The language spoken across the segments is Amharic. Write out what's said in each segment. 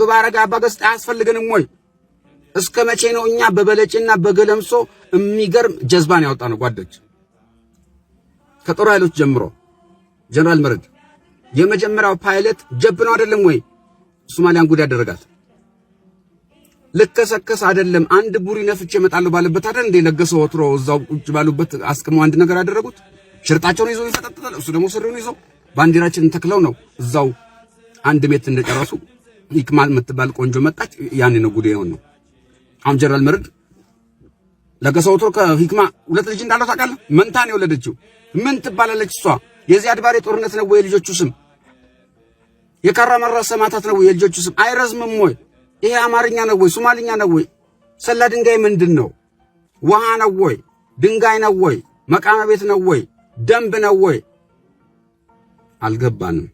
በባረጋ አባ ገስጥ አያስፈልገንም ወይ? እስከ መቼ ነው እኛ በበለጭና በገለምሶ የሚገርም ጀዝባን ያወጣ ነው? ጓዶች ከጦር ኃይሎች ጀምሮ ጀነራል መርድ የመጀመሪያው ፓይለት ጀብ ነው አይደለም ወይ? ሶማሊያን ጉድ ያደረጋት ልከሰከስ አይደለም። አንድ ቡሪ ነፍቼ እመጣለሁ ባለበት አይደል እንደ ለገሰው ወትሮ እዛው ቁጭ ባሉበት አስቅመው አንድ ነገር ያደረጉት ሽርጣቸውን ይዞ ይፈጠጥጣል። እሱ ደግሞ ስሪውን ይዞ ባንዲራችንን ተክለው ነው እዛው አንድ ሜት እንደጨረሱ ኢክማል የምትባል ቆንጆ መጣች። ያኔ ነው ጉድ የሆነው። አሁን ጀነራል መርድ ለገሰውቶ ከሂክማ ሁለት ልጅ እንዳለው ታውቃለህ። መንታን ነው የወለደችው። ምን ትባላለች እሷ? የዚህ አድባሬ ጦርነት ነው ወይ የልጆቹ ስም? የካራማራ ሰማታት ነው ወይ የልጆቹ ስም? አይረዝምም ወይ? ይሄ አማርኛ ነው ወይ ሶማልኛ ነው ወይ? ሰላ ድንጋይ ምንድን ነው? ውሃ ነው ወይ? ድንጋይ ነው ወይ? መቃመ ቤት ነው ወይ? ደንብ ነው ወይ? አልገባንም።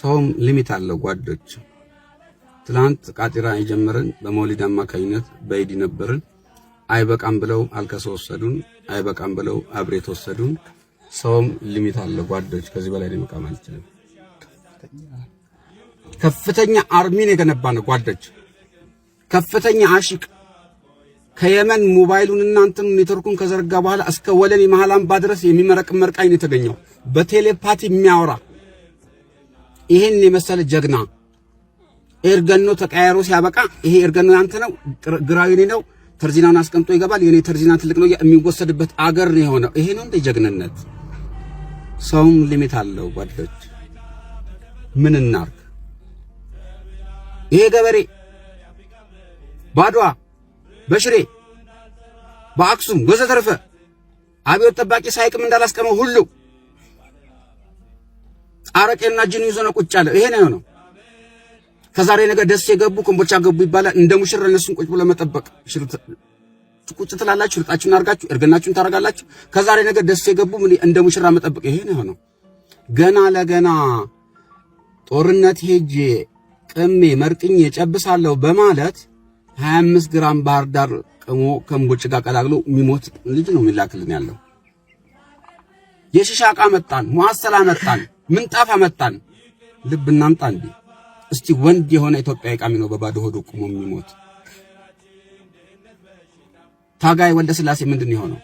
ሰውም ሊሚት አለው ጓዶች ትላንት ቃጢራ የጀመርን በመውሊድ አማካኝነት በኢድ ነበርን። አይበቃም ብለው አልከሰ ወሰዱን። አይበቃም ብለው አብሬት ወሰዱን። ሰውም ሊሚት አለ ጓዶች፣ ከዚህ በላይ መቃም አልችልም። ከፍተኛ አርሚን የገነባ ነው ጓደች ከፍተኛ አሽቅ ከየመን ሞባይሉን እናንተም ኔትወርኩን ከዘረጋ በኋላ እስከ ወለን የመሃል አምባ ድረስ የሚመረቅ መርቃኝ ነው የተገኘው። በቴሌፓቲ የሚያወራ ይህን የመሰለ ጀግና ኤርገኖ ተቀያይሮ ሲያበቃ ይሄ ኤርገኖ ያንተ ነው፣ ግራዊ የኔ ነው፣ ተርዚናውን አስቀምጦ ይገባል፣ የኔ ተርዚና ትልቅ ነው የሚወሰድበት አገር ነው የሆነው። ይሄ ነው እንደ ጀግንነት። ሰውም ሊሚት አለው ጓዶች። ምን እናርግ? ይሄ ገበሬ ባድዋ፣ በሽሬ፣ በአክሱም ወዘተርፈ አብዮት ጠባቂ ሳይቅም እንዳላስቀመው ሁሉ አረቄና ጅኑ ይዞ ነው ቁጭ ያለው። ይሄ ነው ነው ከዛሬ ነገር ደስ የገቡ ኮምቦልቻ ገቡ ይባላል። እንደ ሙሽራ እነሱን ቁጭ ብሎ መጠበቅ ቁጭ ትላላችሁ፣ ሽርጣችሁን አርጋችሁ እርገናችሁን ታረጋላችሁ። ከዛሬ ነገር ደስ የገቡ እንደ ሙሽራ መጠበቅ ይሄ ነው የሆነው። ገና ለገና ጦርነት ሄጄ ቅሜ መርቅኝ የጨብሳለሁ በማለት 25 ግራም ባህር ዳር ቅሞ ከምቦጭ ጋር ቀላቅሎ የሚሞት ልጅ ነው የሚላክልን ያለው። የሽሻቃ መጣን፣ ሙአሰላ መጣን፣ ምንጣፍ መጣን። ልብ እናምጣ እንዴ! እስቲ ወንድ የሆነ ኢትዮጵያዊ ቃሚ ነው በባዶ ሆዶ ቁሞ የሚሞት ታጋይ ወልደ ስላሴ ምንድን የሆነው?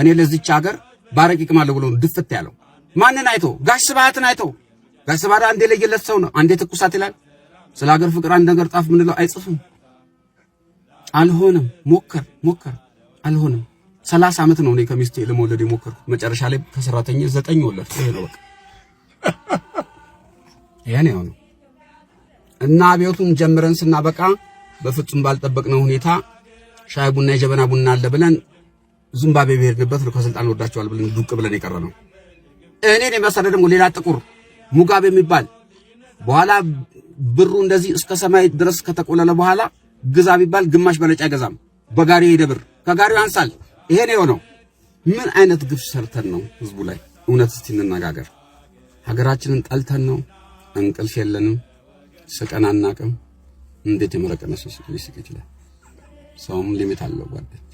እኔ ለዚች ሀገር ባረቅ ይቅማለሁ ብሎ ድፍት ያለው ማንን አይቶ? ጋሽ ስብሃትን አይቶ። ጋሽ ስብሃት አንዴ ለየለት ሰው ነው፣ አንዴ ትኩሳት ይላል። ስለ ሀገር ፍቅር አንድ ነገር ጻፍ ምንለው አይጽፍም። አልሆነም። ሞከር ሞከር፣ አልሆነም። ሰላሳ ዓመት ነው እኔ ከሚስቴ ለመውለድ የሞከርኩት። መጨረሻ ላይ ከሰራተኛ ዘጠኝ ወለድኩ። ይሄ ነው በቃ። ያኔ ነው እና ቤቱን ጀምረን ስናበቃ በፍጹም ባልጠበቅነው ሁኔታ ሻይ ቡና የጀበና ቡና አለ ብለን ዚምባብዌ በሄድንበት ከስልጣን ወዳቸዋል ብለን ዱቅ ብለን የቀረ ነው። እኔን የመሰለ ደግሞ ሌላ ጥቁር ሙጋቤ የሚባል በኋላ ብሩ እንደዚህ እስከ ሰማይ ድረስ ከተቆለለ በኋላ ግዛ ቢባል ግማሽ በለጫ አይገዛም። በጋሪው ሄደ ብር ከጋሪው ያንሳል። ይሄ ነው የሆነው። ምን አይነት ግፍ ሰርተን ነው ህዝቡ ላይ? እውነት እስቲ እንነጋገር። ሀገራችንን ጠልተን ነው? እንቅልፍ የለንም። ስቀን አናቅም። እንዴት የመረቀ ሰው ሊስቅ ይችላል? ሰውም ሊሚት አለው ጓደኛ